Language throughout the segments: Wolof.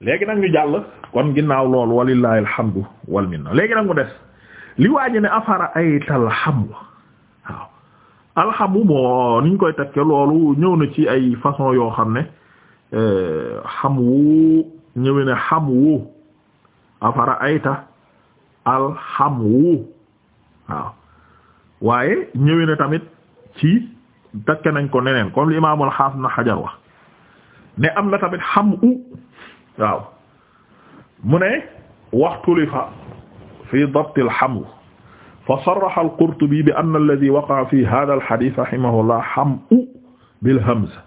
léegi nag ñu jàll kon ginnaaw lool walillahi alhamdu wal minna léegi nag mu des li waaji ne afara ay talxamu waaw alxamu moo niñ koy takke loolu ñëw na ci ay façon yoo xam ne xamwu eh, ñëwe ne xamwu afara ayta alxamwu waaw waaye ñëwe tamit ci takke nañ ko neneen comme li imaamul xaas na xajar wax ne am na tamit xamu waaw mu ne waxtulifa fi dabti alhamd fa sarraha al-Qurtubi bi anna alladhi waqa'a fi hadha al-hadith rahimahullah ham'u bil hamza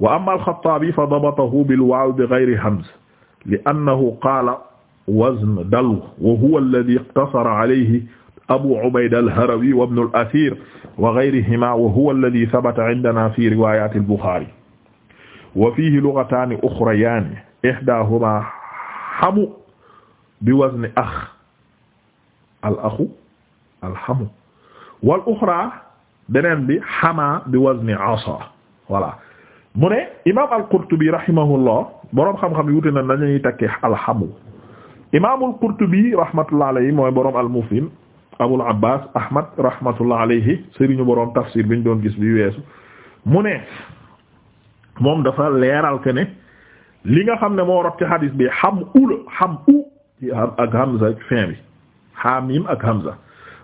wa amma al-Khattabi fa dabatahu bil waaw bi ghayri hamza li'annahu qaala wazn dalw wa huwa alladhi iqtasara alayhi abu ubayda al-harawi wa ibn al-athir wa ghayrihima wa huwa alladhi thabata 'indana fi riwayat al-bukhari wa fihi lughatan ukhrayan ihdahuma xamu bi wazni ax al axu alxamu wal uxra beneen bi xamaa bi wazni asa voilà mu ne imaam al-Qurtubi rahimahullah boroom xam-xam yi wute na nan lañuy takkee alxamu imaam al-Qurtubi rahmatullah alayhi mooy boroom al-Mufhim Abul Abbas Ahmad rahmatullah alayhi sëriñu boroom tafsir bi ñu doon gis bi weesu mu ne moom dafa leeral ke ne li nga xam ne moo rot ci hadis bi xam ula xam u ak hamza fin bi hamim ak hamza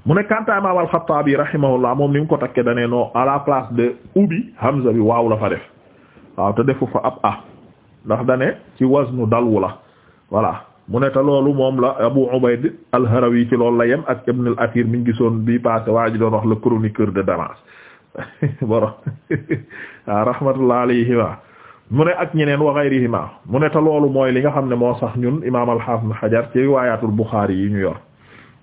mu ne kanta imam al-Xattaabi moom ni mu ko takkee dane non à la place de ubi hamza bi waaw la fa def waaw te defu fa ab ah ndax dane ci waznu dalwu la voilà mu ne te loolu moom la Abu Ubayd al ci loolu la yem ak Ibn al-Athir mi ngi gisoon bi passé waa ji doon wax le chroniqueur de Damas borom rahmatullah alayhi wa mu ne ak ñeneen wa gayrihima mu ne te loolu mooy li nga xam ne moo sax ñun imaam al-Hafiz Hajar ci riwaayatul Bukhari yi ñu yor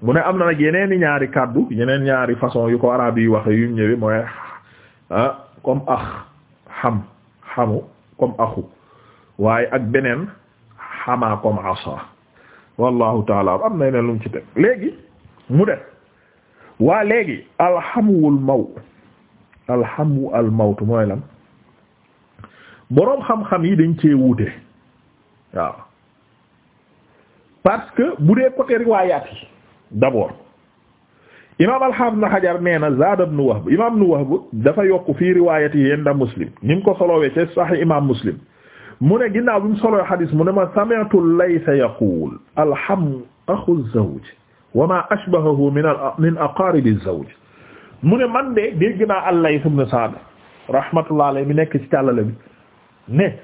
mu ne am na nag yeneen i ñaari kàddu yeneen ñaari façon yu ko arabe yi waxe yu ñëwee mooy ah comme ax xam xamu comme axu waaye ak beneen xamaa comme asa wallahu taala am na yeneen lu mu ci teg léegi mu def waa léegi alxamuwul maw alxamu al mawtu mooy lan boroom xam-xam yi dañ cee wuute parce que bu dee côté riwaayaat yi d'abord imaam al-Hafiz Ibn Hajar nee na zaad ibn Wahb imaam ibn Wahb dafa yokk fii riwaayati yi inda Muslim ni ko solowee ci Sahih imaam Muslim mu ne ginnaaw bi mu solowee xadiis mu ne ma sami'tu Layth yaqul alhamu axu zawj wa ma ashbahahu min aqarib az-zawj mu ne man de dégg naa al-Layth ibn Sa'd rahmatullah alayhi mi nekk ci tàllale bi ne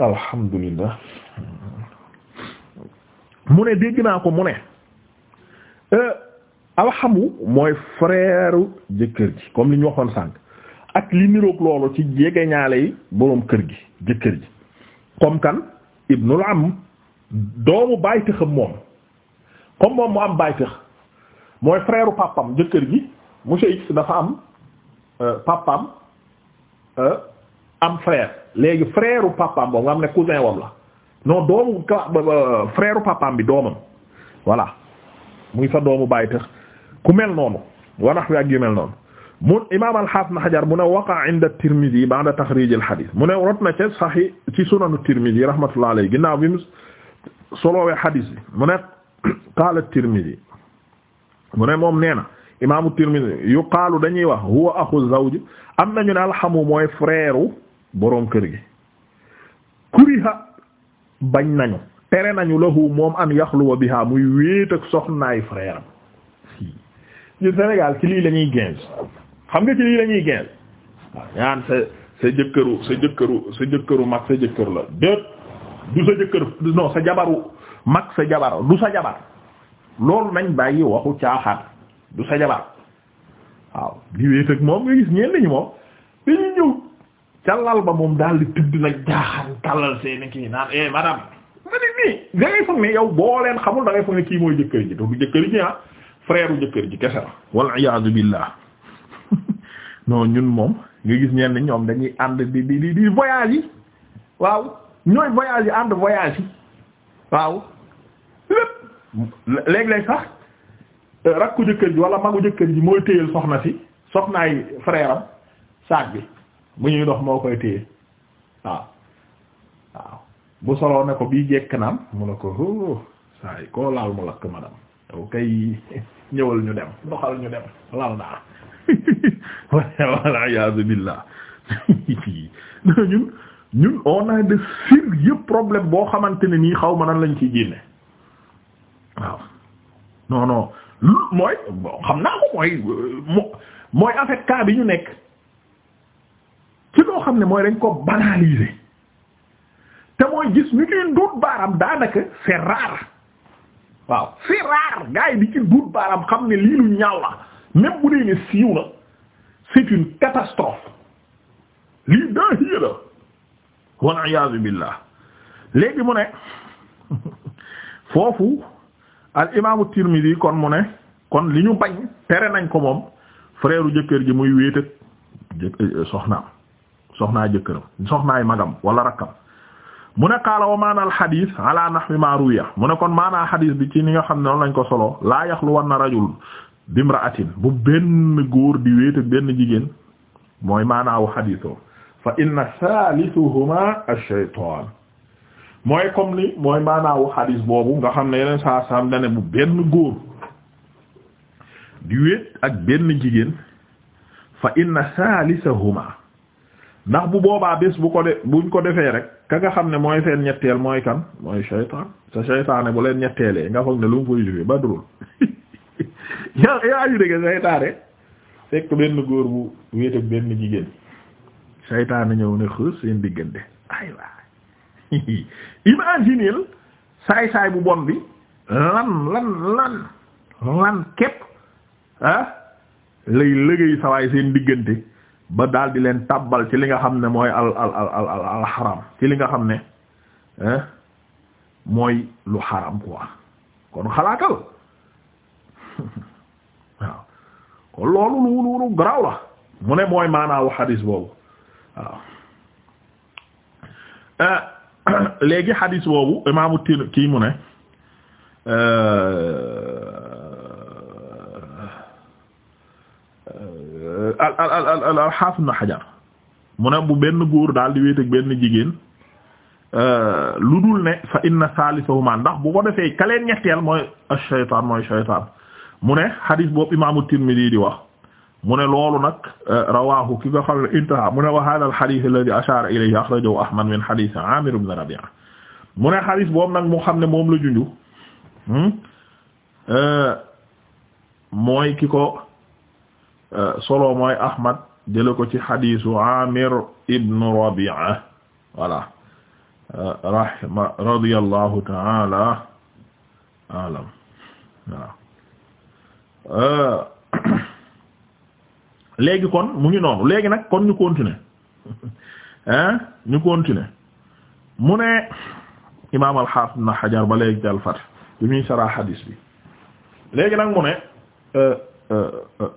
alhamdulillah mu ne dégg naa ko mu ne euh, alxamu mooy frère jëkkër ji comme li ñu waxoon sànq ak li niroog loolu ci jege yi boroom kër gi jëkkër ji comme kan ibnul am doomu baay tëxam moom comme moom mu am baay tëx mooy frère papam jëkkër ji monsieur X dafa am Euh, papam euh, am frère léegi frère u papam boobu ne cousin wam la non doomu papam bi doomam voilà muy sa doomu bàyyi tax ku mel noonu wanax wi ak yu mel noonu mu imam al-Hafiz na Hajar mu ne waqa inda Tirmidhi ba'da taxrij al-hadith mu ne rot na ca sahih ci sunanu Tirmidhi rahmatullah alayhi ginnaaw bi mu solowee hadith bi mu ne qaala moom nee na imaamu Tirmidhi yuqaalu dañuy wax huwa axu zawj am nañu daal xamu mooy frère boroom kër gi kuriha bañ nañu tere nañu lahu moom an yaxluwa biha muy wéet ak soxnaay frère am Sénégal ci lii la ñuy gens xam nga ci lii la ñuy gens waaw ñaan sa sa jëkkëru sa jëkkëru sa jëkkëru la déet du sa jëkkër non sa jabaru mag sa jabar du sa jabar loolu nañ bàyyi waxu caaxaan du sa jabaat waaw di wéet ak moom nga gis ñenn ñi moom dañuy ñëw ca lal ba moom daal di tëdd nag jaaxaan tàllal seeni kii naan eh madame ma ni nii da ngay foog ne yow boo leen xamul da ngay foog kii mooy jëkkër ji te du jëkkër ji ah frère jëkkër ji kese la wal iyaadu billah non ñun moom nga gis ñenn ñoom dañuy ànd di di di di voyage yi waaw ñooy voyage yi ànd voyage yi waaw lépp léeg-léeg sax rakku jëkkër ji wala magu jëkkër ji mooy téyel soxna si soxnaay frère am saag bi mu ñuy dox moo koy téye waaw waaw bu soloo ne ko bii jekk naam mu ne ko o oh, saa yi koo laal mu lakk madam yow kay ñëwal ñu dem doxal ñu dem laal naa waliyasu billah ñun ñun on a de sérieux problème boo xamante ne nii xaw ma nan lañ ciy génne waaw non mooy xam naa ko mooy mooy en fait bi ñu nekk ci xam ne mooy dañ ko banaliser te mooy gis ñu ciy duut baaram daanaka c'est rare waaw c'est rare gars yi di baaram xam ne lii lu ñaaw la même bu dee ne siiw na c'est une catastrophe lii daa hiya la wal iyaazu billah léegi ne foofu al imaamu Tirmidi kon mu ne kon li ñu bañ tere nañ ko moom frère jëkkër ji muy wéet ak eh, soxnaam soxnaa jëkkëram soxnaay magam wala rakkam mu ne qaala wa maanaal xadiis ala nahwi ma ruwiya mu ne kon maanaa xadiis bi ci ni nga xam ne noonu lañ ko solo laa yaxlu wan na rajul bimraatin bu benn góor di wéet benn jigéen mooy maanaawu xadiisoo fa inna salisuhuma ash-shaytaan mooy comme ni mooy maanaawu xadis boobu nga xam ne yeneen saa saam ne bu benn góor di wéet ak benn jigéen fa inna saalisahuma ndax bu boobaa bés bu ko de buñ defee rek ka nga xam ne mooy seen ñetteel mooy kan mooy shaytaan sa shaytaane bu leen ñetteelee nga foog ne lu mu koy joué ba drôle yaa yaa yu dëgg shaytaane fekk benn góor bu wéet ak benn jigéen shaytaane ñëw ne xër seen diggante aywa imagineel saay saay bu bon bi lan lan lan lan képp ah lay liggéey sawaay seen diggante ba daal di leen tàbbal ci li nga xam ne mooy al al al al al xaram ci li nga xam ne ah mooy lu xaram quoi kon xalaatal waaw kon loolu lu lu lu garaaw la mu ne mooy maanaawu xadiis boobu waaw. Ah. léegi xadis boobu imaamu tin kii mu ne euh, al al al xajar mu bu benn guur daal di wéet benn jigéen euh, lu dul ne fa inna saalisahuma ndax bu ko defee kaleen ñetteel mooy ash mooy shaytaan mu ne xadis boobu imaamu Tirmidi di wax. mu ne loolu nag euh, rawaahu ki nga xam ne intaha mu ne wa hada al hadith alladhi ashara ilayhi akhrajahu ahmad min hadith amir ibn rabi'a mu ne hadith boobu nag mu xam ne moom la junju hmm? euh, mooy ki ko euh, solo mooy ahmad jële ko ci hadithu amir ibn rabi'a voilà rahma radiyallahu ta'ala alam waaw léegi kon mu ngi noonu léegi nag kon ñu continuer hein ñu continuer mu ne imaam al-Hafiz Ibn Hajar ba léegi dal fat bi hadis léegi nag mu ne euh, euh, euh,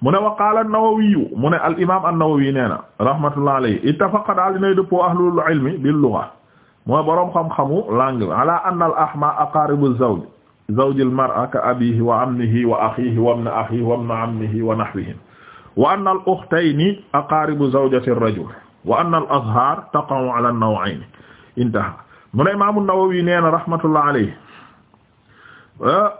mu ne wa qaala an-Nawawi mu ne al imaam an-Nawawi nee na rahmatullah alayhi ittafaqa daal dinay dëppoo ahlul ilmi bil lugha mooy boroom xam-xamu langue ala anna al ahma aqaribu zawj zawjil mar'a ka abihi wa ammihi wa akhihi wa ibn akhihi wa ibn ammihi wa nahwihim wa anna al-ukhtayni aqaribu zawjati ar-rajul wa anna al-azhar taqa'u ala an-naw'ayn intaha mu ne Imam an-Nawawi nee na rahmatullah alayhi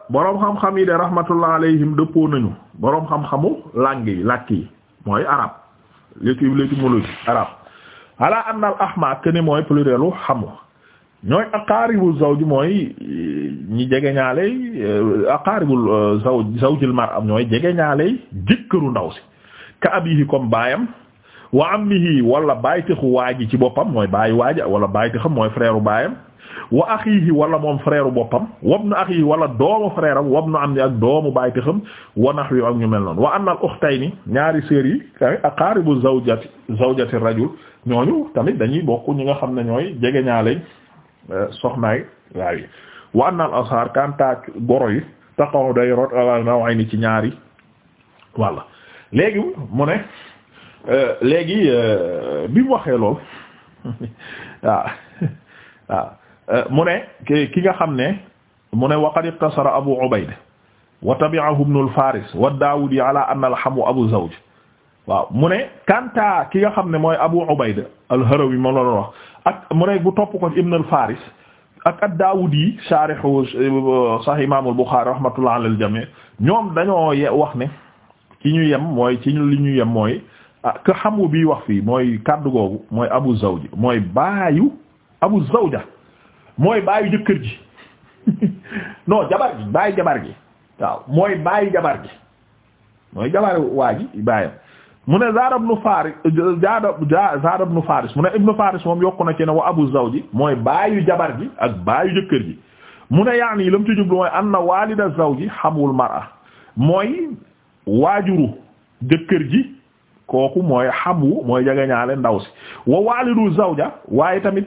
boroom xam-xam yi de rahmatullah alayhim dëppoo nañu boroom xam-xamu langue yi làkk yi mooy arabe l'étymologie arabe ala anna al-ahma kene mooy plurielu xamu ñooy aqaaribu zawj mooy eh, ñi jege ñaaley eh, aqaaribu eh, zawj zawjil mar am ñooy jege ñaaley jëkkëru ndaw si ka abihi comme baayam wa ammihi wala bàyyitaxu waaji ci boppam mooy bàyyi waaja wala bàyyitaxam mooy frère u baayam wa axiihi wala moom frère u boppam wabnu axiihi wala doomu frère am wabnu am ni ak doomu bàyyitaxam wa nahwi ak ñu mel noonu wa anna al ukhtayni ñaari sœurs yi tamit aqaaribu zawjati zawjati rajul ñooñu tamit dañuy bokk ñi nga xam ne ñooy jege ñaaley Euh, soxnaay waaw yi wa anna al asar kanta goro yi taxaw day rot ni ci ñaari walla léegi mu ne euh, léegi euh, bi mu waxee lool waaw waaw mu ne ki nga xam ne mu ne wa qad iqtasara abu ubayda wa tabi'ahu ibn al faris wa daawudi ala anna al abu zawj waaw mu ne kanta ki nga xam ne mooy abu ubayda al harawi ma loolu wax ak mu ne bu topp ko Ibn al-Faris ak ad-Daawudi sharihu Sahih Imam al-Bukhari rahmatullah alal jami' ñoom dañoo wax ne ci ñu yem mooy ci ñu li ñu yem mooy ah, que xamu bi wax fii mooy kaddu googu mooy abu zawji mooy baayu abu zawja mooy baayu jëkkër ji non jabar gi baayu jabar gi waaw mooy baayu jabar gi mooy jabar waa ji baayam mu ne zaada ibnu faris zaada zaada ibnu faris mu ne ibnu faris moom yokku na ci ne wa abu zawji mooy baayu jabar ji ak baayu jëkkër mu ne yaani lam ci jublu mooy anna walida zawji xamul mar'a mooy waajuru jëkkër ji kooku mooy xamu mooy jagañaale ndaw si wa walidu zawja waaye tamit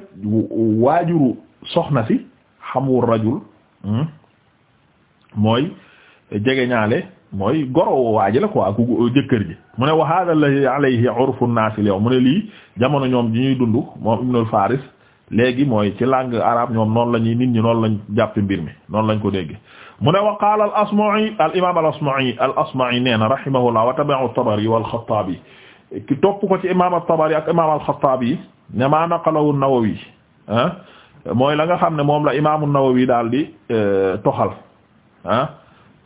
waajuru soxna si xamul rajul hmm, mooy jegeñaale mooy goro waaji la ko ku jëkkër ji mu ne wa hada allahi alayhi urfu naas yow mu ne lii jamono ñoom ji ñuy dund moom ibnul faris léegi mooy ci langue arabe ñoom noonu la ñuy nit ñi noonu lañ jàpp mbir mi noonu lañ ko dégg mu ne wa qaala al asma'i al imam al asma'i al asma'i nee na rahimahullah wa tabi'u at-tabari wal khattabi ki topp ko ci imam at-tabari ak imam al khattabi ne ma naqalahu an-nawawi ah, mooy la nga xam ne moom la imam an-nawawi daal di eh, toxal ah.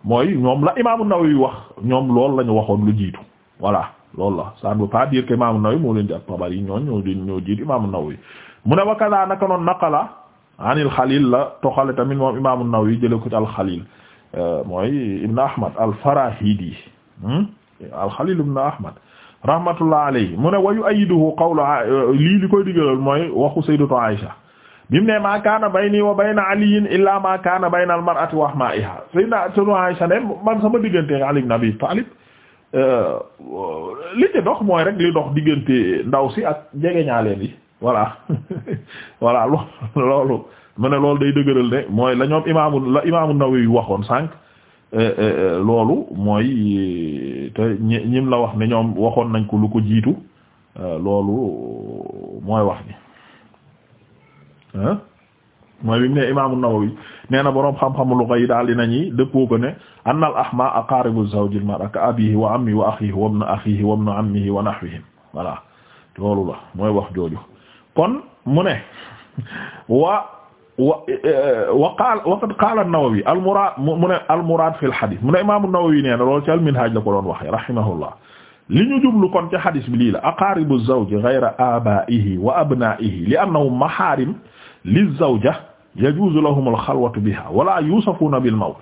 mooy ñoom la imaamu Nawawi wax ñoom loolu la ñu waxoon lu jiitu voilà loolu la ça ne veut pas dire que imaamu Nawawi moo leen di ak Tabari ñoo ñoo jiitu imaamu Nawawi mu ne wa kaza naka noonu naqala anil Xalil la toxale tamit moom imaamu Nawawi jële ko ci al-Xalil euh, mooy Ibn Ahmad al yi hmm? al-Xalil Ibn Ahmad rahmatullah alayhi mu ne wa yu'ayyiduhu qawlu euh, lii li koy diggalal mooy waxu sayyidatu Aisha bi mu ne maa kaana bayni wa bayna aliyin illaa maa kaana bayna al mar'ati wa ahma'iha sayyidat Aisha ne man sama diggante Ali ibn Abi Talib euh, li ci dox mooy rek li dox diggante ndaw si ak jegeñaaleen yi voilà voilà loolu ma ne loolu day dëgëral ne mooy la ñoom imaamu la imaamu Nawawi waxoon sànq euh, euh, loolu mooy te ñi ñim la wax ne ñoom waxoon nañ ko lu ko jiitu loolu mooy wax ni mooy bi mu ne imaamu Nawawi nee na boroom xam-xamu lu koy daal dinañuy dëppoo ko ne anna al ahma aqaribu zawjil mar'a ka abihi wa ammihi wa akhihi wa ibn akhihi wa ibn ammihi wa nahwihim voilà loolu la mooy wax jooju kon mu ne wa wa wa qaal waqad qaala an-Nawawi al muraad mu ne al muraad fi al hadith mu ne imaamu Nawawi nee na loolu ci al minhaj la ko doon waxee rahimahullah li ñu jublu kon ci hadith bi lii la aqaribu zawji ghayra abaihi wa abnaihi li annahum maharim lizawja yajuuzu lahum alxalwatu biha wala yusafuuna bilmawt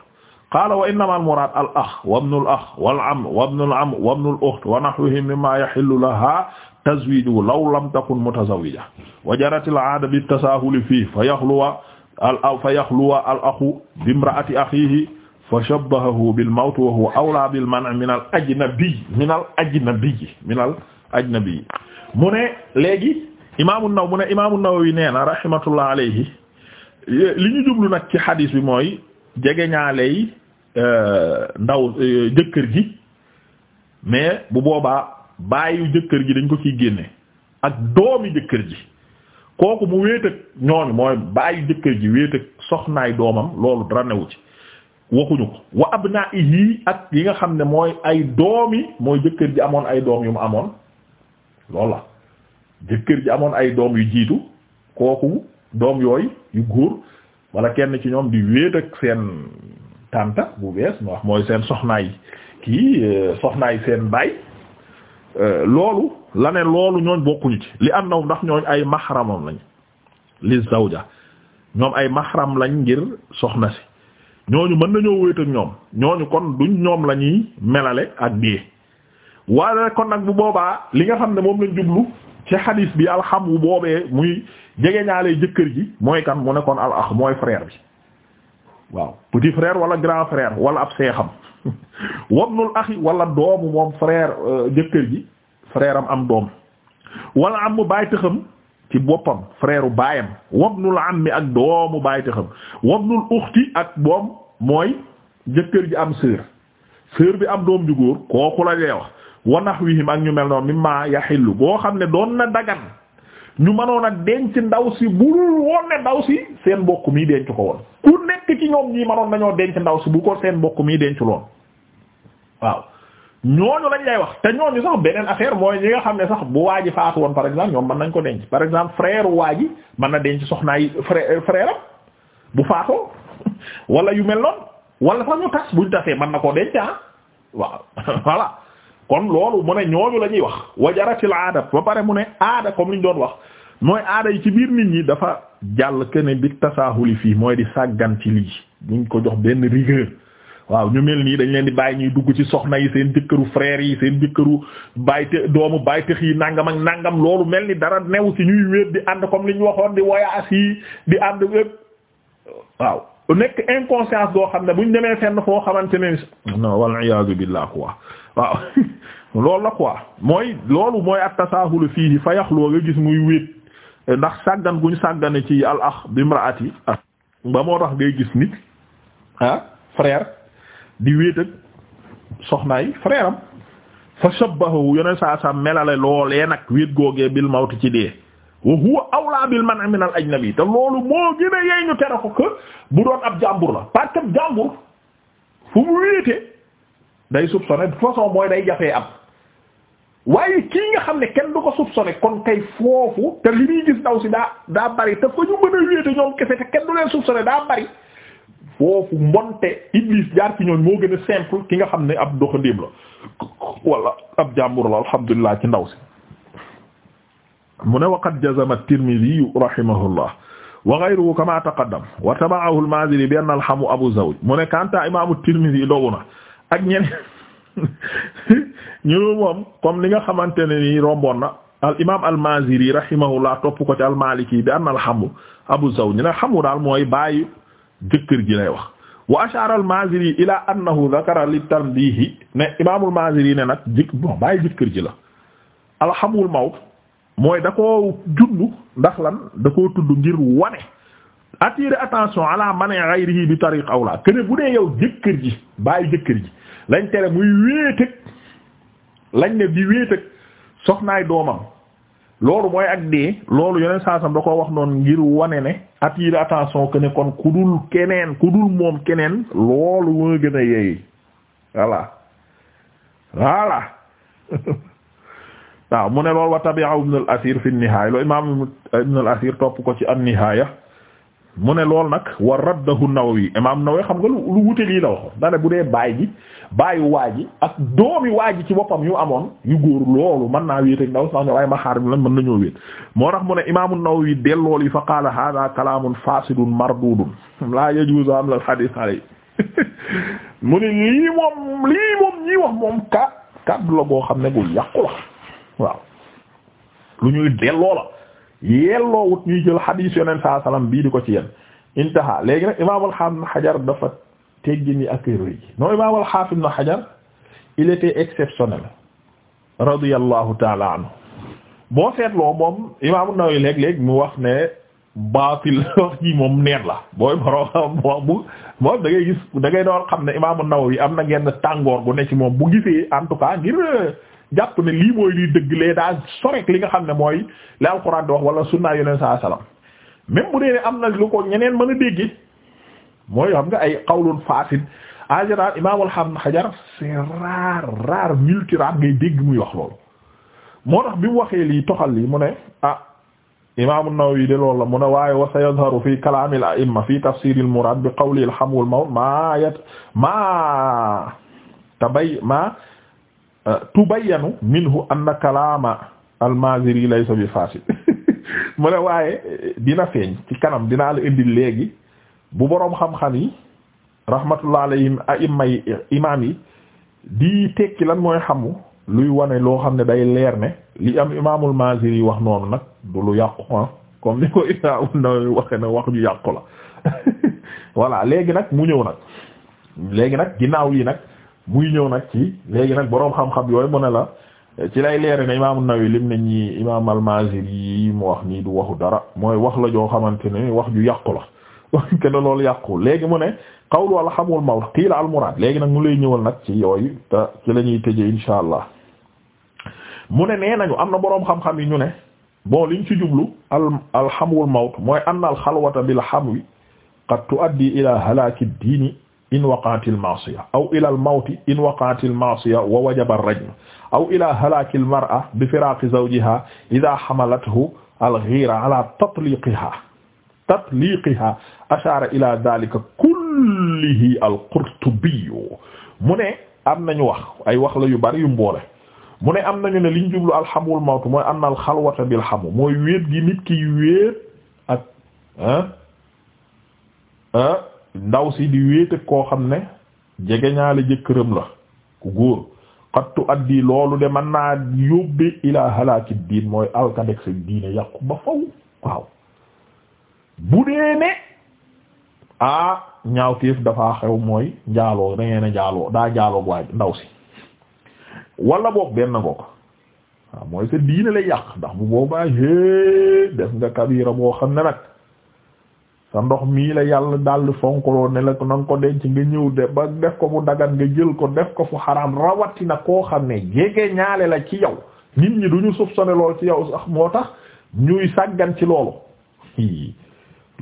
qaala wa innama almuraad al ax wa bnu al ax wal am wa bnu al am wa bnu al uxt wa naxwihim mimma yaxillu laha tazwiiju law lam takun mutazawija wa jarat al aada bitasaahuli fii fa yaxluwa al fa yaxluwa al axu bimraati axiihi fa shabbahahu bilmawt wa huwa awlaa bilmanci min al ajnabi min al ajnabi min al ajnabi mu ne léegi imaamu Nawawi mu ne imaamu Nawawi nee na rahmatullah alayhi li ñu jublu nag ci xadiis bi mooy jege jegeñaaley euh, ndaw euh, jëkkër ji mais bu boobaa bàyyi jëkkër ji dañ ko ciy génne ak doomi jëkkër ji kooku mu wéet ak ñooñu mooy bàyyi jëkkër ji wéet ak soxnaay doomam loolu dara newu ci waxuñu ko wa abnaihi ak yi nga xam ne mooy ay doomi mooy jëkkër ji amoon ay doom yu mu amoon loolu la jëkkër ji amoon ay doom yu jiitu kooku doom yooyu yu góor wala kenn ci ñoom di wéet ak seen tànta bu bees mu wax mooy seen soxnaay kii euh, soxnaay seen euh, loolu la ne loolu ñooñ ndax ñooñ ay mahramam lañ li zawja ñoom ay mahram lañ ngir soxna si ñooñu mën nañoo ñoom ñooñu kon duñ melale ak bii wala kon nag bu boobaa li nga xam ne moom lañ jublu ci xadis bi alxamu boobee muy jege ñaale jëkkër ji mooy kan mu nekkoon al ax mooy frère bi waaw petit frère wala grand frère wala ab seexam wabnul axi wala doomu moom frère euh, jëkkër ji frère am am doom wala am mu bàyyi ci boppam frère u baayam wabnul ammi ak doomu bàyyi tëxam wabnul uxti ak boom mooy jëkkër ji am sœur sœur bi am doom ju góor kooku la dee wa nahwihim ak ñu mel noonu maa yaxillu boo xam ne doon na dagan ñu mënoon a denc ndaw si budul woon ne ndaw si seen mbokk mi denc ko woon ku nekk ci ñoom ñii mënoon nañoo denc ndaw si bu ko seen mbokk mi denc loon waaw ñooñu lañ lay wax te ñooñu sax beneen affaire mooy ñi nga xam ne sax bu waaji faatu woon par exemple ñoom mën nañ ko denc par exemple frère waaji mën na denc soxnaay frère euh, frère bu faatoo wala yu mel noonu wala sax ñu tas mën na koo denc ah. kon loolu mu ne ñooñu la ñuy wax wajaratil aada ba pare mu ne aada comme li ñu doon wax mooy aada yi ci biir nit ñi dafa jàll ke ne bi tasaahuli fii mooy di sàggan ci lii duñ ko jox benn rigueur waaw ñu mel nii dañ leen di bàyyi ñuy dugg ci soxna yi seen jëkkëru frère yi seen jëkkëru baay te doomu baay yi nangam ak nangam loolu mel ni dara new ci ñuy wéet di ànd comme li ñu waxoon di voyage yi di ànd wépp waaw nekk inconscience goo xam ne buñ demee fenn foo xamante ne non wal iyaazu billah quoi waaw loolu la quoi mooy loolu mooy at-tasaahul fiihi fa yaxlu nga gis muy wéet ndax sàggan guñ sàggane ci al bi imraati ba moo tax ngay gis nit ah frère di wéet ak soxnaay frère fa shabbahu yoneen saa sa melale loolee nag wéet googee bil mawti ci dee wa huwa bil man min al ajnabi te loolu moo gën a yeey ñu tere ko que bu doon ab jàmbur la parce que jàmbur fu mu wéete day soupçonné de façon mooy day jafee am waaye kii nga xam ne kenn ko soupçonné kon kay foofu te li si daa bari te fa ñu mën a wéete ñoom kese te kenn du daa bari foofu mbonte Iblis jaar ci ñoom moo gën ki nga xam ne ab doxandéem la ab jàmbur la alhamdulilah ci ndaw si mu ne waqad jazama at-Tirmidhi rahimahullah wa ghayruhu kama taqaddam wa tabaa'ahu al-Maaziri abu zawj mu ne kanta imaamu at-Tirmidhi dogu ak ñeneen ñu moom comme li nga xamante ne nii romboon na al imaam al maziri rahimahullah topp ko ci al maliki bi an al xamu abu zaw ñu ne xamu daal mooy bàyyi jëkkër ji lay wax. wa ashara al maziri ila annahu dhakara li tanbihi ne imaamul maziri ne nag jëkk bon bàyyi jëkkër ji la alxamul mawt mooy da koo ndax lan da koo tudd ngir wane. attirer attention ala man ghayrihi bi tariq awla kene bu dee yow jëkkër ji bàyyi jëkkër ji lañ tere muy wéeteg lañ ne bi wéeteg soxnaay doomam loolu mooy ak loolu yeneen saa da ko wax noonu ngir wane ne attirer attention que ne kon ku moom keneen loolu moo gën a yeey voilà voilà waaw mu ne loolu wa tabi'a ibn al-Asir fi an loolu imam ibn al topp ko ci an-Nihaya mu ne lool nag wa raddahu Nawawi imaam Nawawi xam nga lu wute lii la waxoon dane bu dee baay ji baayu waa ji ak doomi waa ji ci boppam yu amoon yu góor loolu man naa wéet ak ndaw sax ne waaye maxaar bi lañ mën nañoo wéet moo tax mu ne imaamu Nawawi dellool yi fa qaala hada kalaamun fasidun mardudun laa yajuzu am la xadis alay mu ne lii moom lii moom ñii wax moom ka kaddu la goo xam ne gu yàqu la waaw lu ñuy delloo yelloowut ñuy jël xadiis yoneen saa salaam bii di ko ci yenn intaha léegi nag imaamul xaafim na xajar dafa teggin yi ak rëy non imaamul xaafim na xajar il était exceptionnel radiyallahu taala anhu boo seetloo moom imaamu Nawawi léeg-léeg mu wax ne baatil wax ji moom neen la booy boroom bu moom da ngay gis da ngay doon xam ne imaamu Nawawi am na genn tàngoor bu ne ci moom bu gisee en ngir jàpp ne lii mooy lii dëgg lee daa sorek li nga xam ne mooy li alxuraan di wax wala sunnaa yeneen saa salaam même bu dee ne am na lu ko ñeneen mën a dégg mooy xam nga ay qawlun fasid en général imaam al-Hafiz Hajar c'est rare rare multi rare ngay dégg muy wax loolu moo tax bi waxee lii toxal li mu ne ah imaam an-Nawawi de loolu mu ne waaye wa sayadharu fi kalaam al-a'imma fi tafsir al-murad bi qawli al-hamu wal maa tabay maa tubayyanu minhu anna kalaama al-Maaziri laysa bi fasid mu ne waaye dina feeñ ci kanam dinaa la indi léegi bu boroom xam-xam yi rahmatullah alayhim a'imma yi imaam yi di tekki lan mooy xamu luy wane loo xam ne day leer ne li am imaamul Maaziri wax noonu nag du lu yàqu ah comme ni ko Imaam An-Nawawi waxe ne wax ju yàqu la voilà léegi nag mu ñëw nag léegi nag ginnaaw yi nag. muy ñëw nag ci léegi nag boroom xam-xam yooyu mu ne la ci lay leere na imaam An-Nawawi lim ne ñi imaam Al-Maziri yi mu wax nii du waxu dara mooy wax la joo xamante ne wax ju yàqu la kenn loolu yàqu léegi mu ne qawlu alxamul mawt qiila almuraad léegi nag mu lay ñëwal nag ci yooyu te ci la ñuy tëje insha allah mu ne nee nañu am na boroom xam-xam yi ñu ne bon liñ ci jublu al alxamul mawt mooy anna alxalwata bil xamwi qad tuaddi ila halaaki diini in waqaatil maasiya aw ilal mawti in waqaatil maasiya wa wajaba rajm aw ila halaakil mar'a bi firaaqi zawjihaa idaa hamalathu al-ghiira alaa tatliiqihaa tatliiqihaa ashaara ilaa dhaalika kullihi al-Qurtubi mu ne am nañu wax ay wax la yu bari yu mboole mu ne am nañu ne liñ jublu alhamul mawtu mooy anna al-xalwata bil hamu mooy wéet gi nit ki wéet ak ah ah. ndaw si di wéete koo xam ne jegeñaale jëkkëram la ku góor xattu addi loolu de mën naa yóbbe ilaa halaaki diin mooy alkandeg sa diine yàqu ba faw waaw bu dee ne ah ñaaw téef dafaa xew mooy njaaloo da ngeen njaaloo daa njaaloog waaj ndaw si wala boog benn ngoog waaw mooy sa diine lay yàq ndax bu boobaa é def nga kabira boo xam ne nag sa ndox mii la yàlla daldi fonkloo ne la ko na nga ko denc nga ñëw de ba def ko fu dagan nga jël ko def ko fu xaraam rawatina koo xam ne jege ñaale la ci yow nit ñi duñu soupçonné lool ci yow sax moo tax ñuy sàggan ci loolu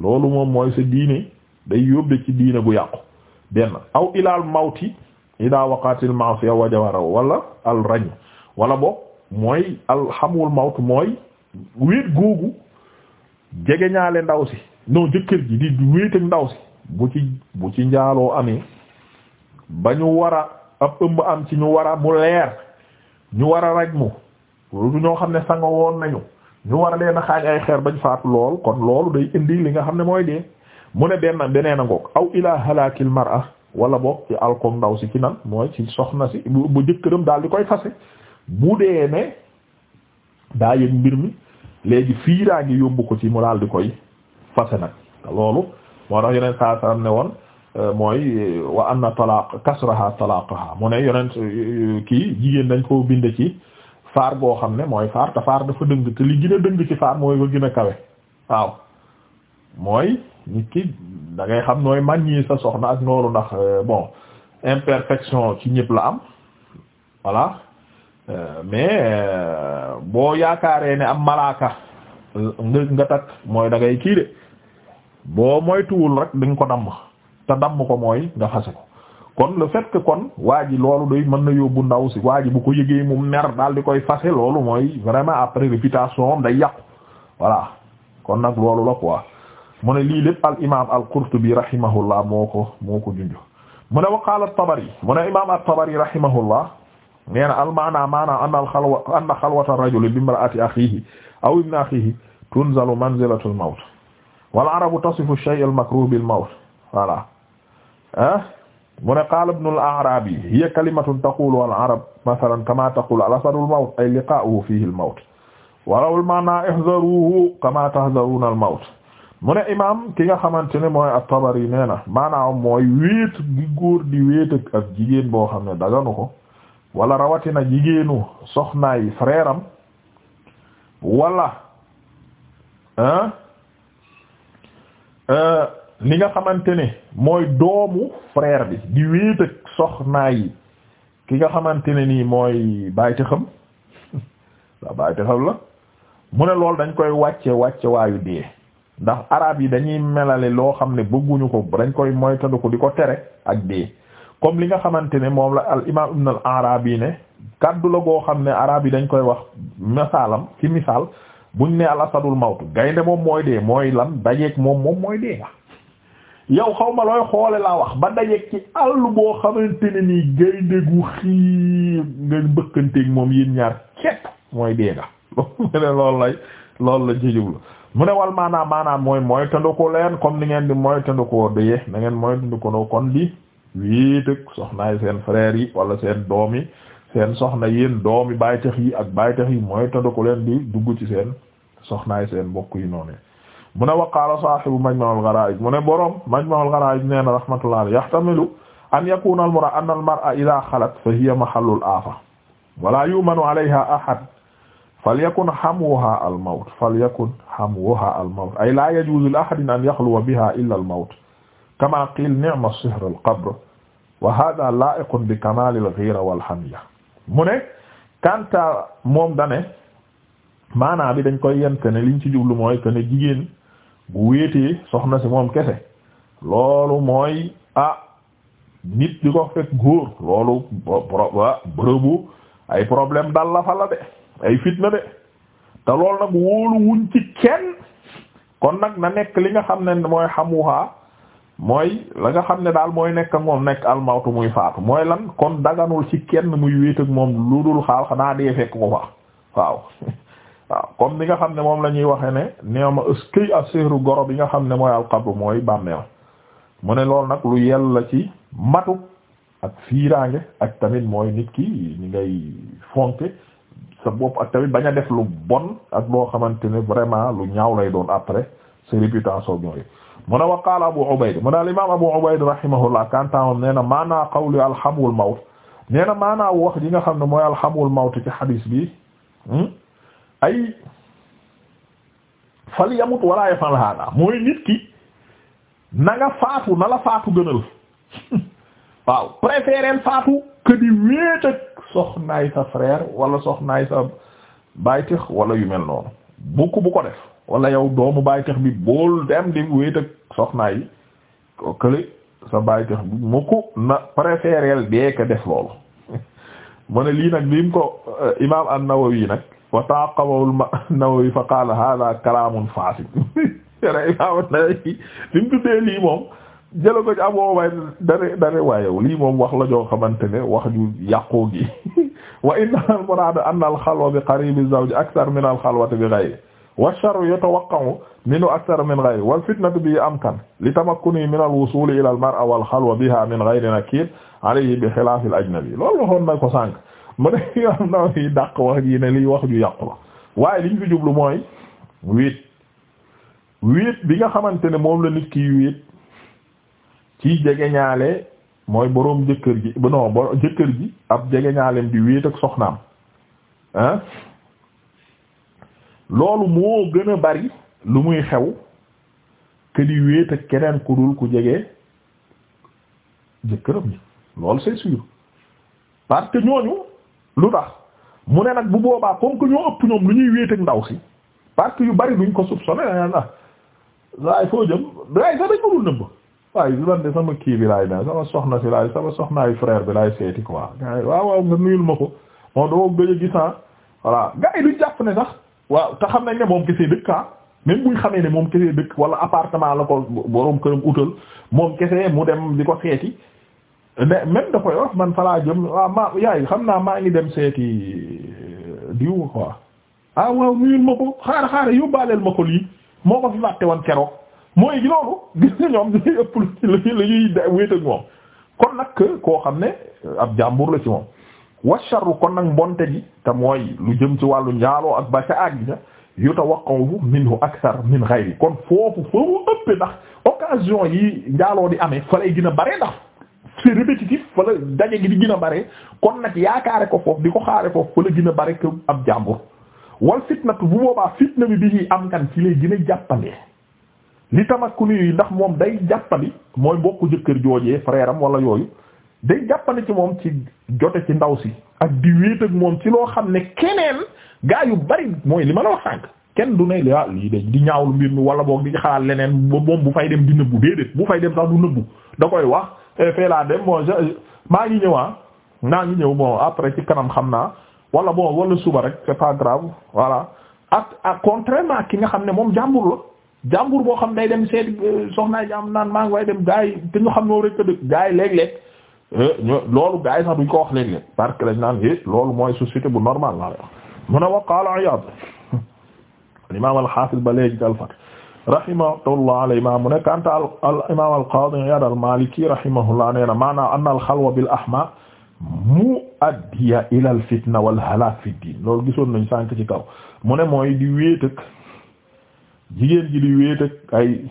loolu moom mooy sa diine day yóbbe ci diine bu yàqu benn aw ilaal mawti ida waqatil ma'siya wa jawara wala al rañ wala boog mooy alxamul mawt mooy wéet googu jege ñaale ndaw si no jëkkër ji di wéet ak ndaw si bu ci bu ci njaaloo amee ba ñu war a ab ëmb am ci ñu war a mu leer ñu war a raj mu loolu ñoo xam ne sanga woon nañu ñu war a leen a xaañ ay xeer bañ faatu lool kon loolu day indi li nga xam ne mooy dee mu ne benn beneen a ngoog aw ila halakil mar'a wala boog ci alkoog ndaw si ci nan mooy ci soxna si bu jëkkëram daal di koy fase bu dee ne daa yëg mbir mi léegi fii daa ngi yóbbu ko ci mu daal di koy fase nag loolu moo tax yeneen saa salaam ne woon euh, mooy wa anna talaq kasraha talaaqaha mu ne yeneen euh, euh, kii jigéen dañ koo bind ci faar goo xam ne mooy faar te faar dafa dëng te li gën a dëng ci faar mooy ba gën a kawe waaw mooy nit ki dangay ngay xam nooy màññi sa soxna ak noolu ndax bon imperfection ci ñëpp la am voilà mais boo yaakaaree ne am malaaka nga takk mooy da kii de boo moytuwul rek dañ ko damm te damm ko mooy nga fase ko kon le fait kon waa ji loolu doy mën na yóbbu ndaw si waa ji bu ko yëgee mu mer daal di koy fase loolu mooy vraiment après réputation day yàqu voilà kon nag loolu la quoi mu ne lii lépp al imam al qurtubi rahimahullah moo ko moo ko junj mu ne wa qaala at-tabari mu ne imam at-tabari rahimahullah nee na al maana maana anna al xalwa anna xalwata ar-rajuli bi imraati axihi aw ibni axihi tunzalu manzilatul mawt wal arabu tasifu shay al makruh bil mawt voilà ah mu ne qaala ibn al a'rabi hiya kalimatun taqulu al arab mathalan kama taqulu al asadu al mawt ay liqa'uhu fihi al mawt walaw al ma'na ihzaruhu kama tahzaruna al mawt mu ne imam ki nga xamante ne mooy at-Tabari nee na maanaam mooy wéet gi góor di wéet ak ak jigéen boo xam ne daganu ko wala rawatina jigéenu soxnaay frère am wala ah li euh, nga xamante ne mooy doomu frère bi di wéet ak soxnaa yi ki nga xamante ne nii mooy bàyyi xam bàyyi xam la mu ne loolu dañ koy wàcce wàcce waayu dee ndax arab yi dañuy melale loo xam ne bëgguñu ko dañ koy moytandu ko di ko tere ak dee comme li nga xamante ne moom la al imam ibn al arabi ne kàddu la goo xam ne arab yi dañ koy wax misaalam ci misaal bu ne al asadul mawtu gaynde moom mooy dee mooy lan dajeeg moom moom mooy dee yow xaw ma looy xoole laa wax ba dajeeg ci àll boo xamante ne nii gaynde gu xii nga bëkkanteeg moom yéen ñaar képp mooy dee nga loolu lay loolu la ci jublu mu ne wal maanaam maanaam mooy mooy tëndukoo leen comme ni ngeen di mooy tëndukoo dee na ngeen mooy tëndukoo kon di wéet ak soxnaay seen frères yi wala seen doom yi seen soxna yéen doomi baytax yi ak baytax yi mooy tëdd ko leen di dugg ci seen soxnaay seen mbokk yi noonu mu ne waqaala saahibu majma'ul gharaib mu ne borom majma'ul gharaib nee na rahmatullahi yahtamilu an yakuna al mar'a anna al mar'a idha khalat fa hiya mahallul afa wala yumanu alayha ahad falyakun hamuha al mawt falyakun hamuha al mawt ay la yajuzu li ahadin an yakhluwa biha illa al mawt kama qila ni'ma as-sihr al qabr wa hadha la'iqun bi kamal al ghira wal hamya mu ne kanta moom dane maanaa bi dañ koy yente ne liñ ci jublu mooy que ne jigéen bu wéetee soxna si moom kese loolu mooy ah nit di ko fekk góor loolu bërëbu ay problème dal la fa la de ay fitna de te loolu nag wóolu wuñ ci kenn kon nag na nekk li nga xam ne mooy xamuwaa mooy la nga xam ne daal mooy nekk ak moom nekk almawtu muy faatu mooy lan kon daganul ci kenn muy wéet ak moom lu dul xaal xanaa dee fekk ko fa waaw waaw comme ni nga xam ne moom la ñuy waxee ne néew ma ëskey asseeru goro bi nga xam ne mooy alxabru mooy bàmmeel mu ne loolu nag lu la ci matu ak fiiraange ak tamit mooy nit ki ñi ngay fonke sa bopp ak tamit bañ a def lu bon ak loo xamante ne vraiment lu ñaaw lay doon après sa réputation ñooyu mu ne wa qaala Abu Ubayd mu ne al Abu Ubayd rahimahullah kantaamam nee na maanaa qawli alhamul mawt nee na maanaa wax yi nga xam ne mooy alhamul mawt ci hadis bi hmm? ay fal yamut wala yafal hada mooy nit ki na faatu na la faatu gënal waaw préférer faatu que di soxnaay sa frère wala soxnaay sa baytix wala yu mel noonu bukk bu ko def wala yow doomu bàytex bi bool dem di wéet ak yi ko kële sa bàytex bi mu na préféreel dee ko def loolu mu ne lii nag bimu ko euh, imam an-Nawawi nag wa taqabahu an-Nawawi fa qaala hadha kalaamun fasid yene imam an-Nawawi bi mu tuddee lii moom jëla ko ci am wooway dare dare waayow lii moom wax la joo xamante ne wax ju yàqoo gi wa inna al anna al-xalwa bi qaribi zawj akthar min al-xalwati bi ghayri wa sharru yatawaqqa'u minhu akthar min ghayri wal fitnatu bi amkan li tamakkuni min al wusul ila al mar'a wal khalwa biha min ghayri nakir alayhi bi khilaf ajnabi loolu waxoon na ko sànq mu ne yoon na yi dàq wax ji ne liy wax ju yàqu la waaye liñ fi jublu mooy wéet wéet bi nga xamante ne moom la nit ki wéet ci jegeñaale mooy boroom jëkkër ji non boroom jëkkër ji ab jegeñaaleem di wéet ak soxnaam ah loolu moo gën a bari lu muy xew que di wéet keneen ku dul ku jege jëkkëram yi loolu c'est sûr parce que ñooñu lu tax mu ne nag bu boobaa comme que ñoo ëpp ñoom lu ñuy wéet ak ndaw si parce que yu bari duñ ko soupçonné na na waaye foo jëm waaye sax dañ ko dul nëbb waaye su de sama kii bi laay ne sama soxna si laay sama soxnaayu frère bi laay seeti quoi waaw waaw nga nuyul ma ko moo doo gëj gis ah, voilà gars yi duñ jàpp ne sax waaw te xam nañ ne moom kese dëkk ah même buñ xamee ne moom kese dëkk wala appartement la ko borom këram utal moom kese mu dem di ko seeti mais même da koy wax man falaa jëm waaw ma yaay xam naa maa ngi dem seeti euh, diw quoi ah waaw nuyul ma ko xaar xaar yóbbaaleel ma ko lii moo ko fi fàtte woon keroog mooy gi noonu gis nga ñoom ñuy ëpp lu ñuy la ñuy wéet ak moom kon nag koo xam ne euh, ab jàmbur la ci moom. washarru kon nag mbonte bi te mooy lu jëm ci wàllu njaaloo ak ba ca àgg ca yutawaqqa'u minhu akthar min ghayri kon foofu foofu ëppee ndax occasion yi njaaloo di amee fa lay gën a bare ndax c'est répétitif fa la daje gi di gën a bare kon nag yaakaare ko foofu di ko xaare foofu fa la gën a bare que ab jàmbur wal fitnatu bu boobaa fitna bi bi am kan ci lay gën a jàppandee li tamakkuni yi ndax moom day jàppandi mooy bokku jëkkër joojee frère am wala yooyu day jàppane ci moom ci jote ci ndaw si ak di wéet moom ci loo xam ne keneen gaa yu bari mooy li ma la wax sànk kenn du ne la ah lii de di ñaawlu mbir mi wala boog di xalaat leneen moom bu fay dem di nëbbu déedéet bu fay dem sax du nëbbu da koy wax eh, fee laa dem bon maa ngi ñëwaa ah naa ngi ñëw bon après ci kanam xam naa wala boo wala suba rek c'est pas grave voilà ak ak contrairement ki nga xam ne moom jàmbur la jàmbur boo xam day dem seet euh, soxnaa jàmbur naan maa ngi way dem gaa xam noo rek dëkk gaa yi léeg-léeg Eh, loolu gars yi sax duñ ko wax lañ naan eh, loolu mooy société bu normal laa wax mu ne wa qaala Iyaad al-imaam al-haafiz ba léegi dal fat rahimahullah alay ma mu ne al imam al-qaadi al-Maaliki rahimahullah nee na maanaam anna al-xalwa bil ahmaa mu'addiya ila al-fitna wal halaak fi diin loolu gisoon nañ sànk ci kaw mu ne mooy di wéetëg jigéen ji di wéetëg ay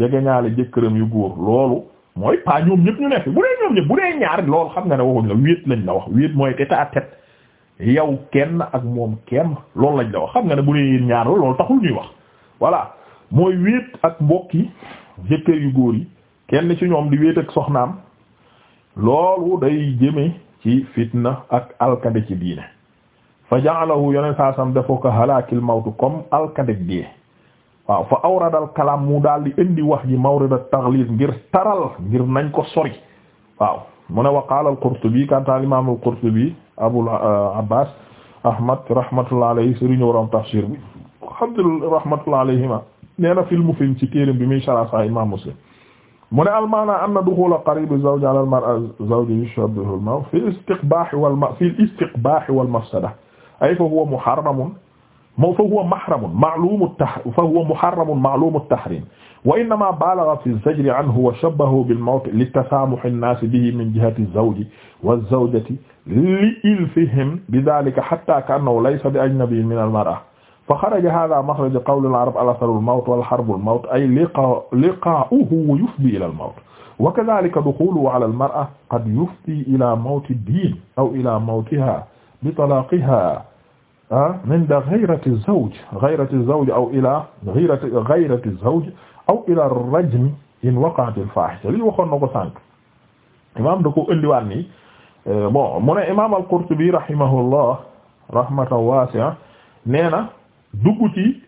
jegeñaale jëkkëram yu góor mooy pas ñoom ñëpp ñu nekk bu dee ñoom ñëpp bu dee ñaar loolu xam nga ne waxuñ la wéet lañ la wax wéet mooy tête à tête kenn ak moom kenn loolu lañ la wax xam nga ne bu dee ñaar la loolu taxul ñuy wax voilà mooy wéet ak mbokk yi jëkkër yu góor yi kenn ci ñoom di wéet ak soxnaam loolu day jëme ci fitna ak alkande ci diine fa ja'alahu yeneen saa sam dafa ko halakil mawtu comme alkande dee waaw fa awradal kalaam mu daal di indi wax ji mawrid at-taghliz ngir taral ngir nañ ko sori waaw mu ne wa qaala al-Qurtubi kanta al-imaam al-Qurtubi Abul euh, Abbaas Ahmad rahmatullah alayhi sëriñ waroom tafsir bi alhamdulillah rahmatullah alayhima nee na fil Mufhim ci téeram bi muy sharh Sahih Imaam Muslim mu ne al-maana anna duxuula qariib az-zawj ala al-mar'a az-zawj yushabbihu al-mar'a fi al-istiqbaah wal fi al-istiqbaah wal mafsada ay fa huwa muharram moo fa huwa mahramun ma'lumu fa huwa muharramun ma'lumu tahrim wa innama balagha fi zajri anhu wa shabbahu bil mawt litasaamuhi an-nas bihi min jihati az-zawji waz-zawjati li-ilfihim bidhalika hatta ka'annahu laysa bi ajnabiyyin min al-mar'a fa kharaja hadha makhraj qawl al-arab al-athar al-mawt wal-harb al-mawt ay liqa'uhu yufdi ila al-mawt wa kadhalika dukhuluhu ala al-mar'a qad yufdi ila mawti ad-din aw ila mawtiha bi talaqiha ah inda ghayrati zawj ghayrati aw ila ghayrati ghayrati zawj aw ila rajm in waqa'at al fahisha li waxoon na ko sànq imaam da ko ëndiwaat nii eh, bon mu ne imaam al-Qurtubi rahimahullah rahmatan wasi'a nee na dugg ci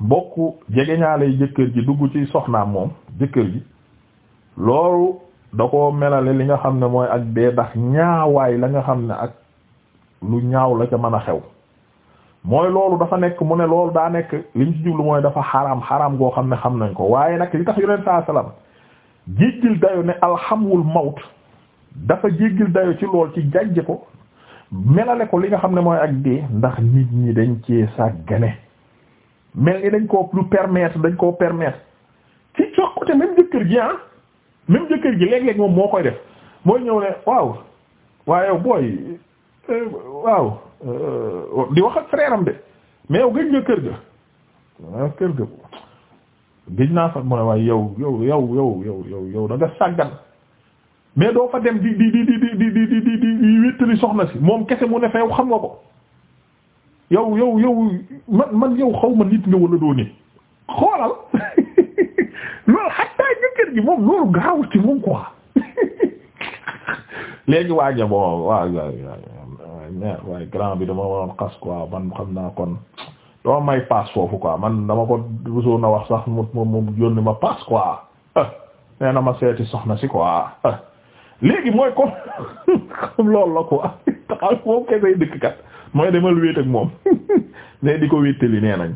bokk jegeñaaley jëkkër ji dugg ci soxnaam moom jëkkër ji loolu da ko melale li nga xam ne mooy ak dee ndax ñaawaay la nga xam ne ak lu ñaaw la ca mën a xew mooy loolu dafa nekk mu ne loolu daa nekk li ñu jublu mooy dafa xaraam xaraam goo xam ne xam nañ ko waaye nag li tax leen saa salaam jéggil dayo ne alxamwul mawt dafa jéggil dayo ci lool ci jàjj ko melale ko li nga xam ne mooy ak dee ndax nit ñi dañ cee sàggane mel ni dañ koo lu permettre dañ koo permettre ci jox côté même jëkkër ji ah même jëkkër ji léeg-léeg moom moo koy def mooy ñëw ne waaw waaye booy euh, waaw Euh, di wax ak frère de mais yow gëj nga kër ga ah, kër ga gëj naa fa mu yow yow yow yow yow yow yow dem soxna si moom kese mu ne fa yow ko yow yow yow man man yow xaw ma nit nga wala doo nit xoolal mais waaye grand bi dama waroon xas quoi man xam naa kon doo may paas foofu quoi man dama ko rusoo na wax sax mu mu mu yónni ma paas quoi ah, nee na ma seeti soxna si quoi ah, léegi mooy comme comme loolu la quoi taxaw moom kese dëkk kat mooy demal wéet ak moom mais di ko wéttali nee nañ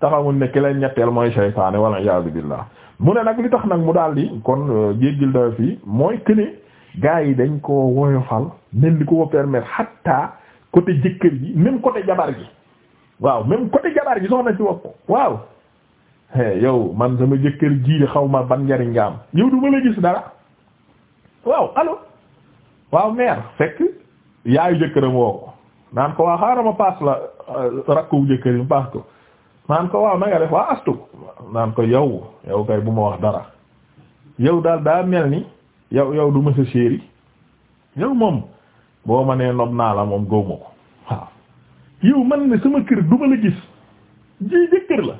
taxawuñ ne ki leen ñetteel mooy saytaane wala iyaazu billaah mu ne nag li tax nag mu daal di kon euh, jéggil dafa fii mooy këne gaa yi dañ ko woyofal même di ko ko permettre hatta côté jëkkër ji même côté jabar ji waaw même côté jabar ji soxna si wax ko waaw yow man sama jëkkër ji xaw ma ban njariñ nga am yow du la gis dara waaw allo waaw mère fekk yaayu jëkkëram woo ko naan ko waa xaaral ma euh, paas ko naan ko waaw na def waa astu naan ko yow yow kay bu ma wax dara yow daal daa mel ni yow yow du ma sa chéri yow moom boo ma nee nob naa la moom góob ma ko yow man ne sama kër duma la gis ji jëkkër la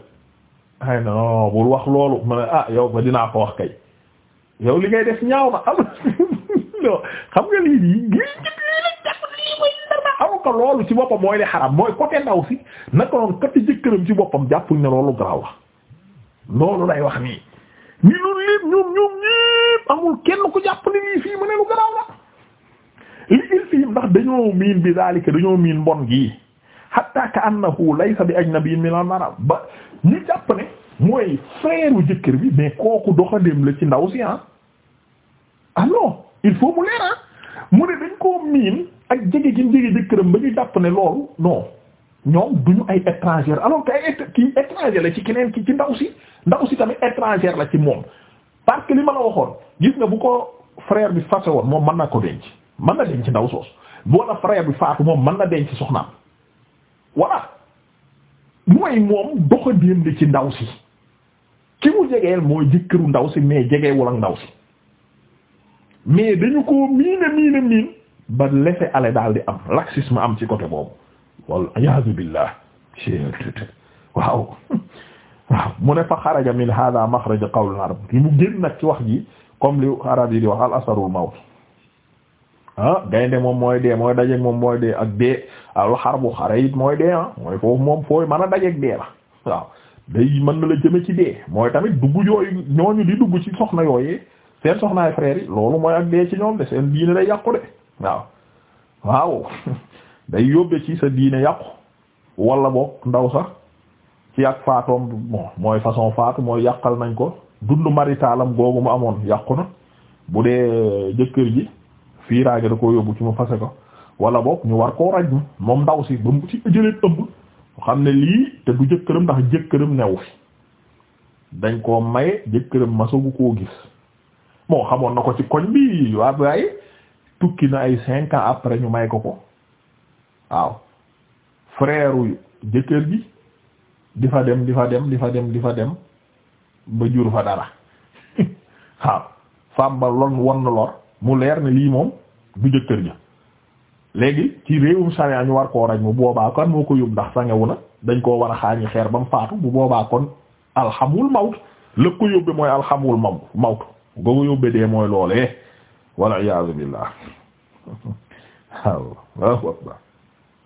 ay non bul wax loolu ma ne ah yow ba dinaa ko wax kay yow li ngay def ñaaw na am non nga lii nii lii ko loolu ci boppam mooy li xaram mooy côté ndaw si naka noonu kati jëkkëram ci boppam jàppuñ ne loolu garaaw la loolu lay wax nii. ni loolu lépp ñoom ñoom ñépp amul kenn ku jàpp ne nii fii mu ne lu garaaw la. li ilfihim ndax dañoo miin bi daalika dañoo miin mbon gii hatta ka annahu laysa bi ajnabiyyin min al-mar'a ba ñu jàpp ne mooy frère u jëkkër bi mais kooku doxandéem la ci ndaw si ah alors ah il ah. mu ne dañ koo miin gi jege ba ñu jàpp ne loolu non ñoom duñu ay étranger alors que ay ci keneen ki ci ndaw si ndaw si tamit étranger la ci moom parce que li ma la waxoon gis nga bu ko frère bi fase woon moom man na ko denc man na ci ndaw soos wala frère bi faatu moom mën na denc soxnaam voilà mooy moom doxandéem li ci ndaw si ki mu jegeel mooy jëkkëru ndaw si mais jegeewul ak ndaw si mais dañu ko miina miina miin ba laisser aller daal di am laxisme am ci côté boobu wal iyaazu billah waaw waaw mu ne fa xaraja min hada maxraja qawl arab li mu génn nag ci wax ji comme li arab yi di wax al asarul mawt ah gaynde moom mooy dee mooy dajeeg moom mooy dee ak dee al xare it mooy dee ah mooy foofu moom fooy mën a dajeeg dee la waaw day mën na la jëme ci dee mooy tamit dugg yooyu ñooñu di dugg ci soxna yooyee seen soxnaay frères yi loolu mooy ak dee ci ñoom de seen diine day yàqu de waaw waaw day yóbbe ci sa diine yàqu walla boog ndaw sax ci ak faatoom mooy façon faatu mooy yàqal nañ ko dund maritalam googu mu amoon yàqu na bu dee jëkkër ji fiiraange da koo yóbbu ci mu fase ko wala boog ñu war koo rajmu moom ndaw si ba mu ci jëlee ëmb xam ne lii te du jëkkëram ndax jëkkëram newu fi dañ koo maye jëkkëram masagu koo gis moo xamoon na ko ci koñ bi waa waaye tukki na ay cinq ans après ñu may ko ko waaw frère jëkkër bi di fa dem di fa dem di fa dem di dem ba jur fa dara waaw fam ba lon won lor mu leer ne lii moom du jëkkër ja léegi ci réewum sharia ñu war koo raj mu boobaa kon moo ko yóbbu ndax sangewu na dañ koo war a xaañi xeer ba mu faatu bu boobaa kon alxamul mawt lëg ko yóbbe mooy alxamul mawt mawt ga ko yóbbe dee mooy loole wal iyaazu billaah waaw waaw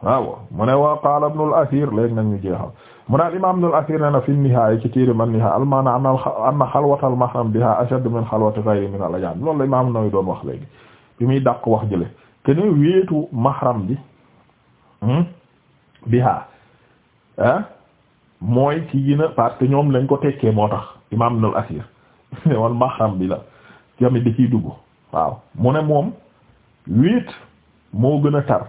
waaw mu ne wa qaala ibn al-Athir léegi nag ñu jeexal mu ne al-imaam ibn al-Athir ne na fi nihaaya ci tiirim an-nihaaya al-maana anna xalwatal mahram biha ashaddu min xalwati ghayri min al-ajaanib loolu la imaam Nawawi doon wax léegi bi muy dàq wax jële te ne wéetu mahram bi hmm, biha ah mooy ci gina parce que ñoom lañ ko tekkee moo tax imaam ibn al-Athir mahram bi la tamit da ciy dugg waaw mu ne moom wéet moo gën a tar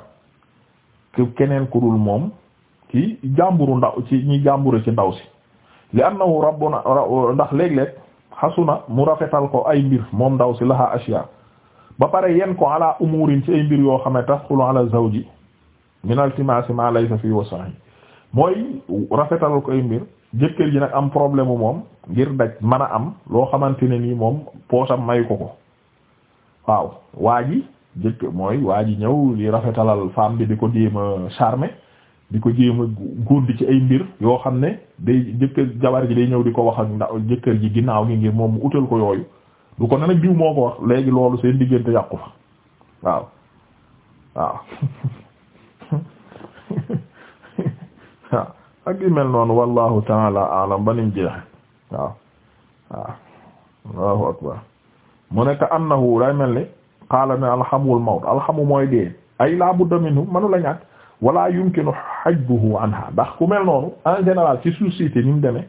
ku keneen ku dul moom ci jàmburu ndaw ci ñi jàmbure ci ndaw si li annahu rabbuna ndax léeg-léeg xasuna mu rafetal ko ay mbir moom ndaw si laha ashiya ba pare yen ko ala umurin ci ay mbir yoo xam ne taxulu ala zawji min altimasi ma laysa fi wasahi mooy rafetal ko ay mbir jëkkër ji nag am problème mu moom ngir daj mën a am loo xamante ne nii moom poosam mayu ko ko waaw waa jëkk mooy waa ji ñëw li rafetalal femme bi di ko jéem a di ko jéem a góondi ci ay mbir yoo xam ne day jëkkër jabar ji day ñëw di ko wax ak ndaw jëkkër ji ginnaaw gi ngir moom mu utal ko yooyu du ko ne nag diw moo ko wax léegi loolu seen diggante yàqu fa waaw waaw ak yu mel noonu wallahu taala alam ba nim jeexe waaw mu nekk annahu day mel ni qaala ne alxamul mawt alxamu mooy dee ay laa budda minhu manu la ñàkk wala yumkinu hajbuhu anha ndax ku mel noonu en général ci société ni mu deme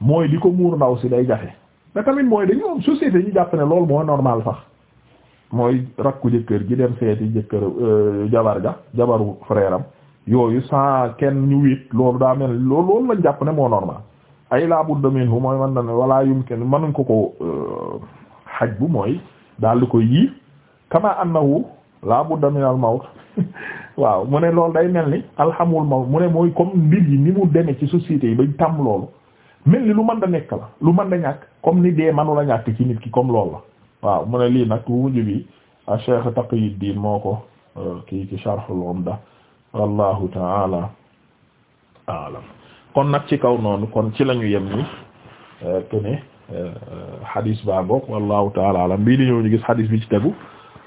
mooy di ko muur ndaw si day jafe da tamit mooy dañu am société ñu jàpp ne loolu mooy normal sax mooy rakku jëkkër ji dem seeti jëkkër euh, jabar ja jabaru frère am yooyu sans kenn ñu wit loolu daa mel loolu loolu jàpp ne moo normal ay laa budda minhu mooy man na ne wala yumkinu manuñ ko ko hajbu euh, mooy ko yii kama annahu la budda min al waaw mu ne loolu day mel ni alhamul mawt mu ne mooy comme mbir yi ni mu deme ci sociétés yi ba tàmm loolu mel ni lu mën da nekk la lu mën da ñàkk comme ni dee manu ñàkk ci nit ki comme loolu la waaw mu ne lii nag wujj bi a ah, Cheikh Taqiyuddin moo ko euh, ki ci Sharhul Umda wallahu taala aalam kon nag ci kaw noonu kon ci lañu yem ni euh, kene euh, hadis ba bokk wallahu taala aalam bii di ñu gis hadis bi ci tegu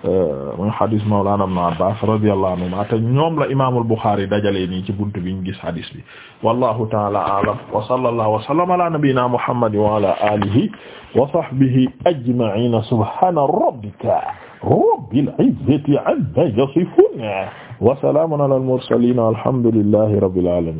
Euh, mooy xadis mawlana ibn abbas radiyallahu anhuma te ñoom la imam al-Bukhari dajale nii ci buntu bi ñu gis xadis bi wallahu ta'ala a'lam wa sallallahu wa sallama ala nabiyyina muhammad wa ala alihi wa sahbihi ajma'in subhana rabbika rabbil izzati amma yasifun wa salamun ala al-mursalin walhamdulillahi rabbil alamin